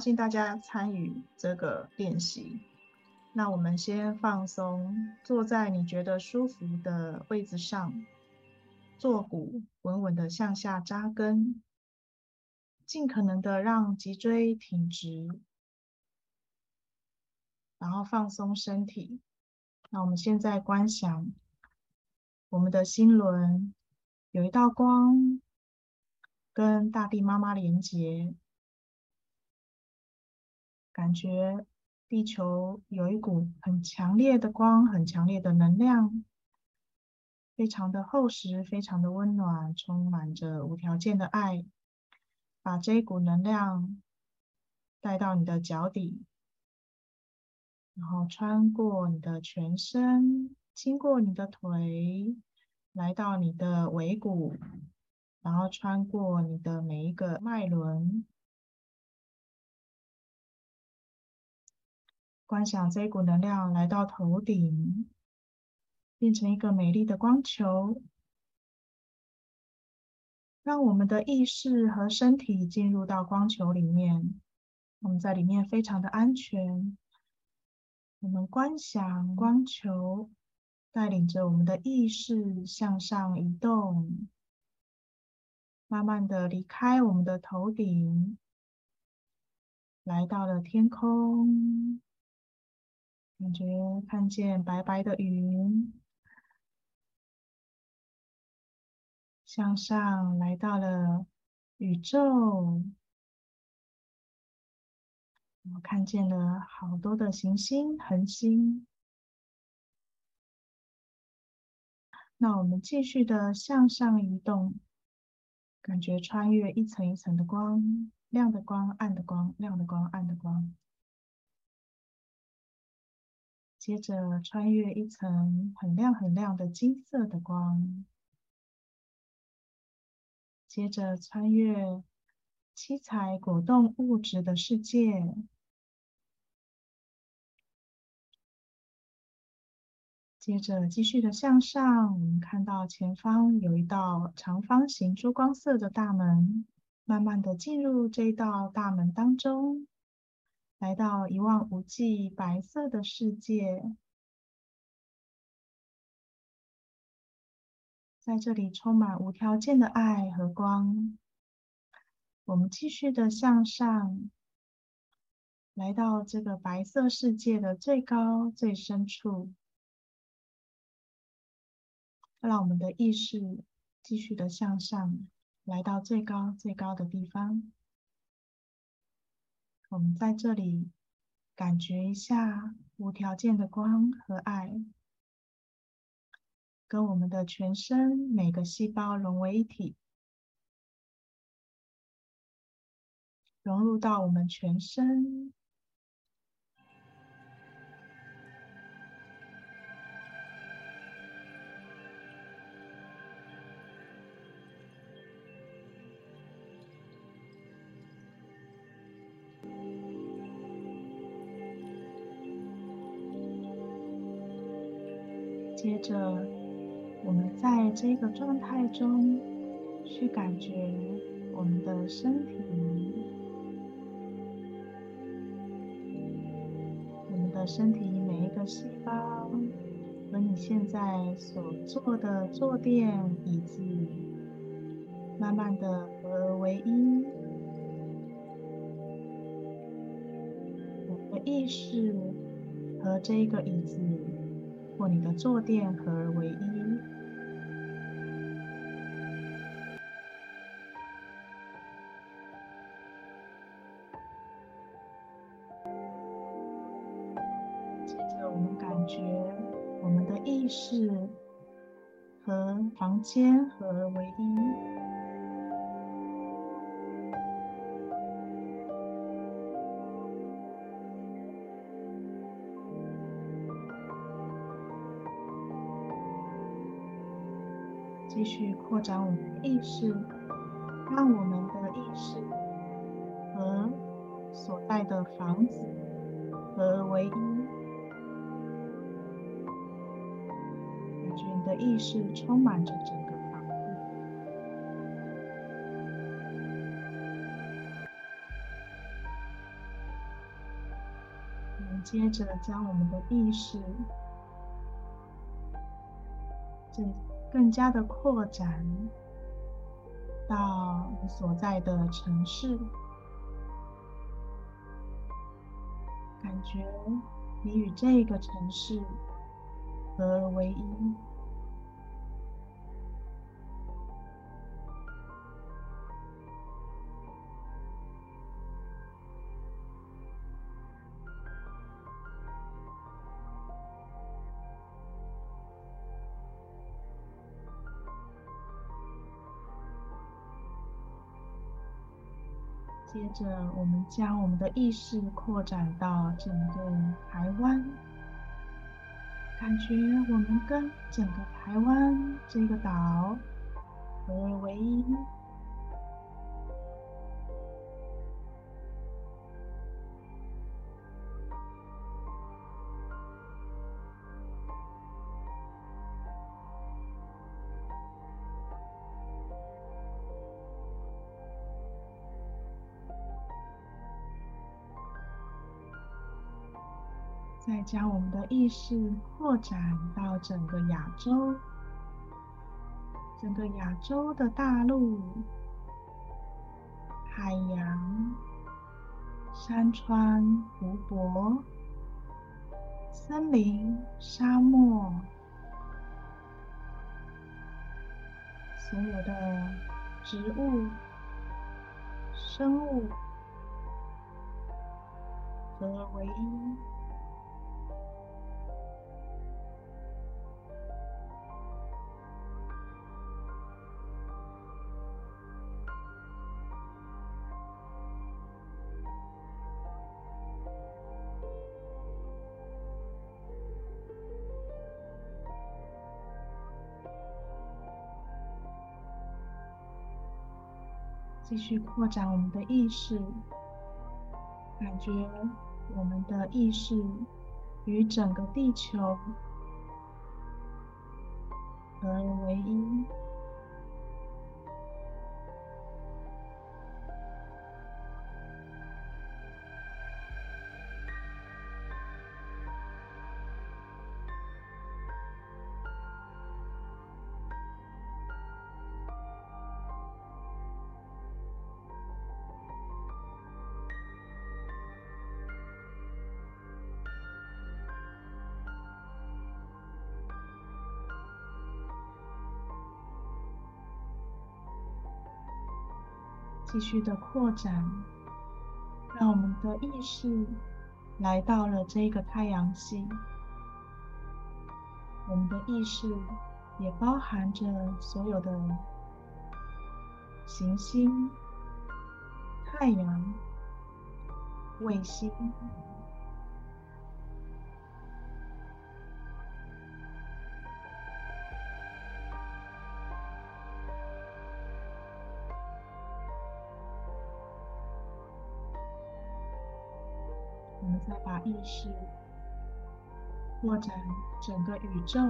歡迎大家參與這個練習。那我們先放鬆，坐在你覺得舒服的位置上，坐骨穩穩地向下扎根，盡可能的讓脊椎挺直，然後放鬆身體。那我們現在觀想，我們的心輪有一道光，跟大地媽媽連接。感覺地球有一股很強烈的光，很強烈的能量，非常的厚實，非常的溫暖，充滿着無條件的愛。把這一股能量帶到你的腳底，然後穿過你的全身，經過你的腿，來到你的尾骨，然後穿過你的每一個脈輪。觀想這一股能量來到頭頂，變成一個美麗的光球，讓我們的意識和身體進入到光球裡面。我們在裡面非常的安全。我們觀想光球帶領着我們的意識向上移動，慢慢的離開我們的頭頂，來到了天空。感覺看見白白的雲，向上來到了宇宙，我看見了好多的行星、恆星。那我們繼續的向上移動，感覺穿越一層一層的光，亮的光、暗的光、亮的光、暗的光。接着穿越一層很亮很亮的金色的光，接着穿越七彩果凍物質的世界，接着繼續的向上，我們看到前方有一道長方形珠光色的大門，慢慢的進入這一道大門當中。來到一望無際白色的世界，在這裡充滿無條件的愛和光。我們繼續的向上，來到這個白色世界的最高最深處，讓我們的意識繼續的向上，來到最高最高的地方。我們在這裡感覺一下無條件的光和愛，跟我們的全身每個細胞融為一體，融入到我們全身。接着，我們在這個狀態中，去感覺我們的身體，我們的身體每一個細胞和你現在所坐的坐墊、椅子，慢慢的合而為一，我的意識和這個椅子。和你的坐墊合而為一。接着，我們感覺我們的意識和房間合而為一。繼續擴展我們的意識，讓我們的意識和所在的房子合為一。感覺你的意識充滿着整個房子。我們接着，將我們的意識正，更加的擴展到你所在的城市，感覺你與這個城市合而為一。接着，我們將我們的意識擴展到整個台灣，感覺我們跟整個台灣這個島合而為一。再將我們的意識擴展到整個亞洲，整個亞洲的大陸、海洋、山川、湖泊、森林、沙漠，所有的植物、生物合而為一。繼續擴展我們的意識，感覺我們的意識與整個地球合而為一。繼續的擴展，讓我們的意識來到了這個太陽系。我們的意識也包含着所有的行星、太陽、衛星。再把意識擴展整個宇宙，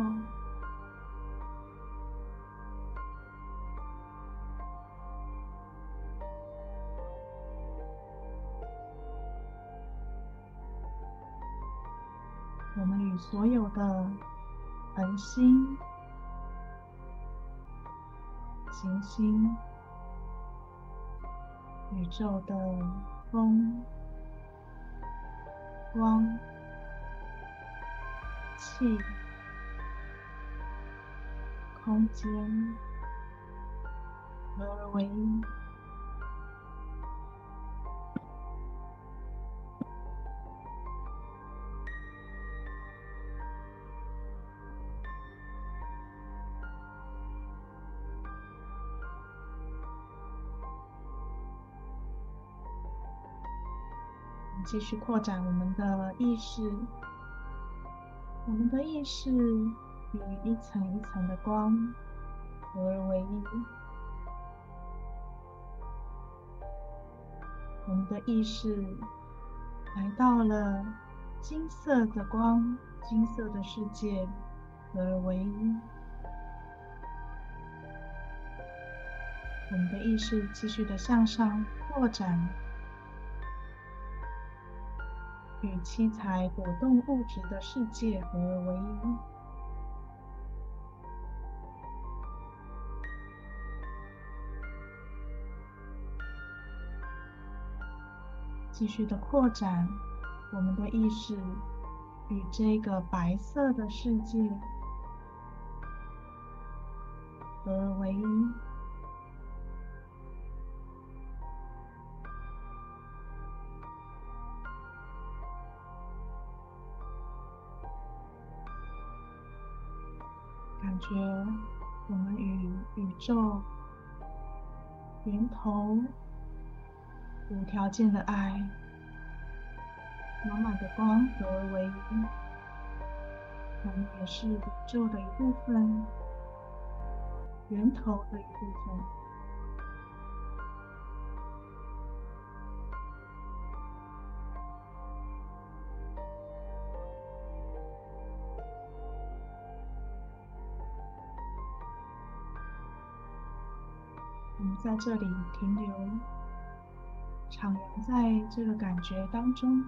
我們與所有的恆星、行星、宇宙的風。光、氣、空間和唯一。繼續擴展我們的意識，我們的意識與一層一層的光合而為一，我們的意識來到了金色的光、金色的世界合而為一，我們的意識繼續的向上擴展。與七彩果凍物質的世界合而為一，繼續的擴展，我們的意識與這個白色的世界合而為一。感覺，我們與宇宙源頭無條件的愛，滿滿的光合為一，我們也是宇宙的一部分，源頭的一部分。在這裡停留，徜徉在這個感覺當中，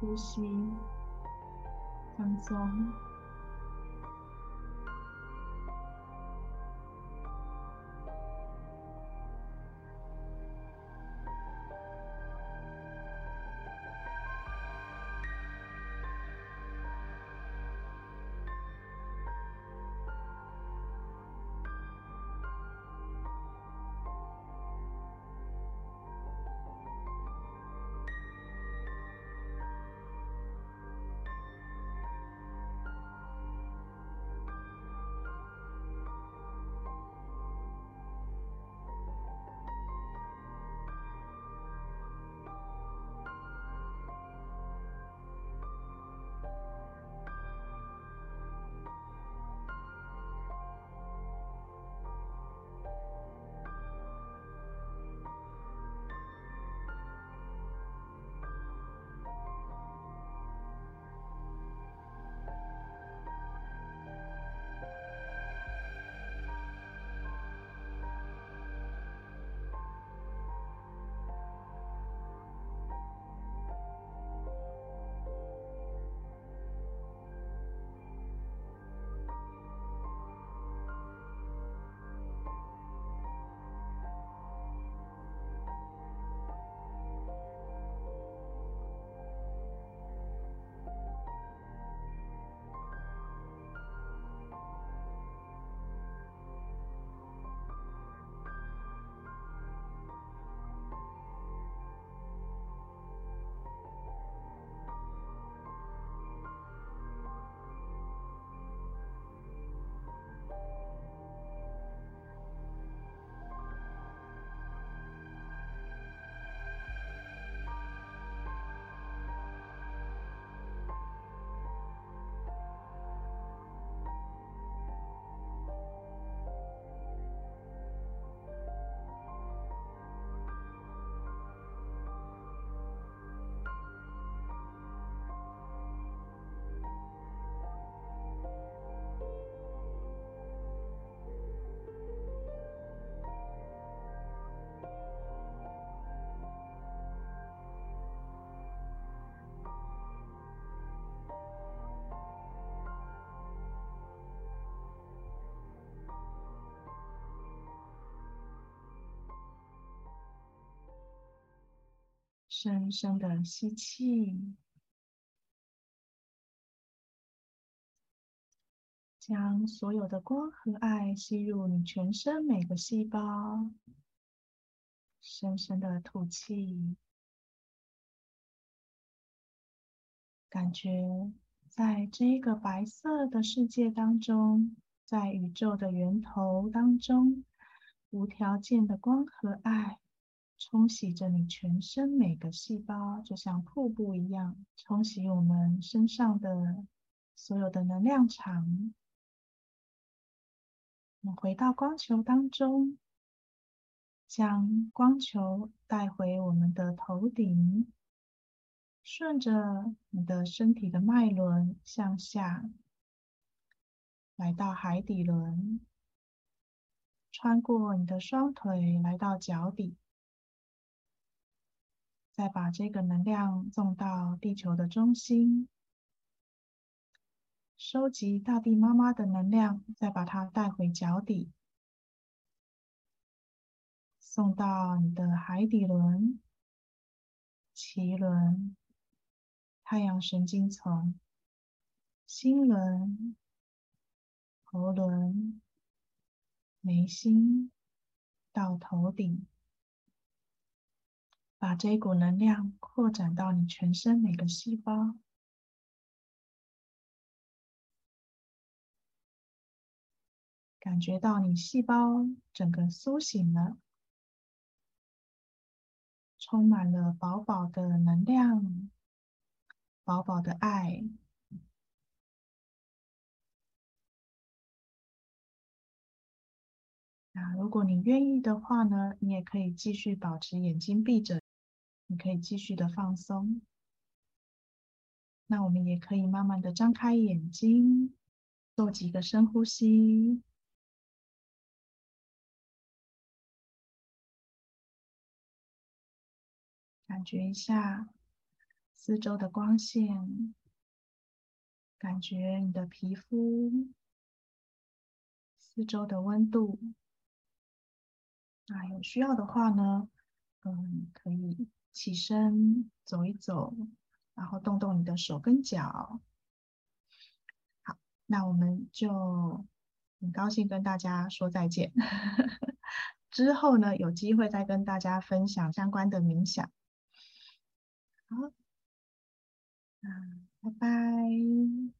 呼吸，放鬆。深深的吸氣，將所有的光和愛吸入你全身每個細胞。深深的吐氣，感覺在這個白色的世界當中，在宇宙的源頭當中，無條件的光和愛。沖洗着你全身每個細胞，就像瀑布一樣沖洗我們身上的所有的能量場。我們回到光球當中，將光球帶回我們的頭頂，順着你的身體的脈輪向下，來到海底輪，穿過你的雙腿，來到腳底。再把這個能量送到地球的中心，收集大地媽媽的能量，再把它帶回腳底，送到你的海底輪、臍輪、太陽神經叢、心輪、喉輪、眉心到頭頂。把這一股能量擴展到你全身每個細胞，感覺到你細胞整個甦醒了，充滿了飽飽的能量，飽飽的愛。那、啊、如果你願意的話呢，你也可以繼續保持眼睛閉着。你可以繼續的放鬆，那我們也可以慢慢的張開眼睛，做幾個深呼吸，感覺一下四周的光線，感覺你的皮膚，四周的溫度。那有需要的話呢，嗯，可以。起身走一走，然後動動你的手跟腳。好，那我們就很高興跟大家說再見。 之後呢，有機會再跟大家分享相關的冥想。好，那拜拜。